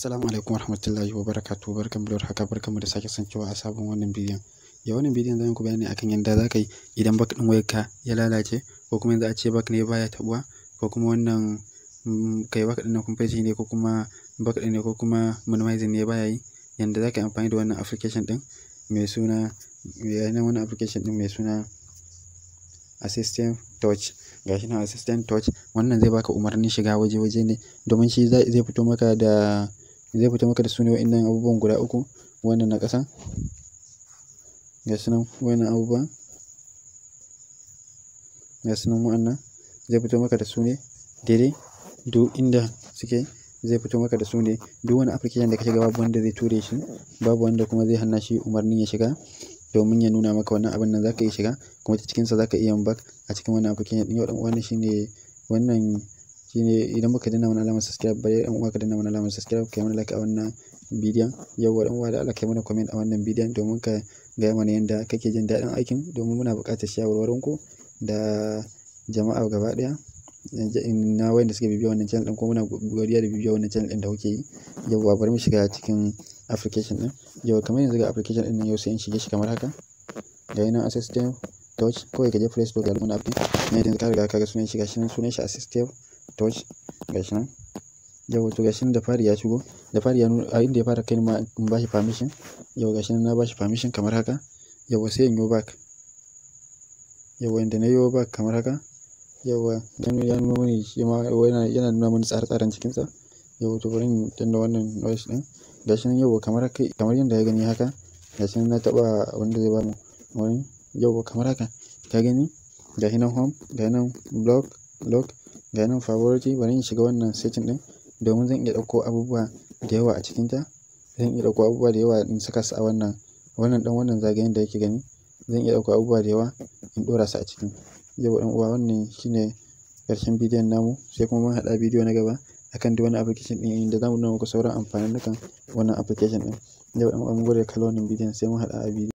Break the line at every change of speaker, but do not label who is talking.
Assalamu alaikum warahmatullahi wabarakatuh barkamu da haka barkamu da sake cewa a sabon wannan bidiyon. Ya wannan bidiyon zan ku bayani akan yadda za ka yi idan bak ɗin wayarka ya lalace ko kuma yanzu a ce bak ne baya tabuwa ko kuma wannan mm, kai bak ɗin na kumfashi ne ko kuma bak din ne ko kuma minimizing ne baya yi yadda za ka yi amfani da wannan application ɗin mai suna yana wannan application din mai suna assistant touch gashi nan assistant touch wannan zai baka umarnin shiga waje-waje ne domin shi zai fito maka da zai fita maka da su ne wa'innan abubuwan guda uku wannan na ƙasa ga su nan wa'innan abubuwan ga su nan wa'annan zai fito maka da su ne daidai duk inda suke zai fito maka da su ne duk wani afirka da ka shiga babu wanda zai ture shi babu wanda kuma zai hana shi umarnin ya shiga domin ya nuna maka wannan abin nan zaka iya shiga kuma ta cikinsa zaka iya yin bak a cikin wannan afirka din yau dan wannan shine wannan shine idan muka danna mana alamar subscribe bare dan uwa ka danna mana alamar subscribe kai mana like a wannan bidiyon yawwa dan uwa da Allah kai mana comment a wannan bidiyon domin ka ga mana yanda kake jin daɗin aikin domin muna buƙatar shawarwarin ku da jama'a gaba ɗaya na wayanda suke bibiya wannan channel din ko muna godiya da bibiya wannan channel din da kuke yi yawwa bari mu shiga cikin application din yawwa kamar yanzu ga application din yau sai in shige shi kamar haka ga yana assistant touch kawai ka je play store ga wannan app ne yanzu ka riga ka ga sunan shi ga sunan shi assistant torch gashi nan yau to gashi da fari ya shigo da fari ya nuna a inda ya fara kai ma in bashi permission yau gashi nan na bashi permission kamar haka yau sai in yo back yau inda na yo back kamar haka yau ya nuna mini shi ma yana nuna mini tsare-tsaren cikinsa yau to bari in danna wannan noise din gashi nan yau kamar kamar yadda ya gani haka gashi nan na taba wanda zai ba mu wani yau kamar haka ka gani gashi nan home gashi nan block lock ga nan favority bari in shiga wannan setting din domin zan iya dauko abubuwa da yawa a cikinta zan iya dauko abubuwa da yawa in saka su a wannan wannan dan wannan zagayen da yake gani zan iya dauko abubuwa da yawa in dora su a ciki yau ɗan uwa wannan shine ƙarshen bidiyon namu sai kuma mun haɗa bidiyo na gaba akan duk wani application ɗin inda zamu nuna muku sauran amfanin nukan wannan application ɗin yau ɗan uwa mun gode kallon wannan bidiyon sai mun haɗa a bidiyo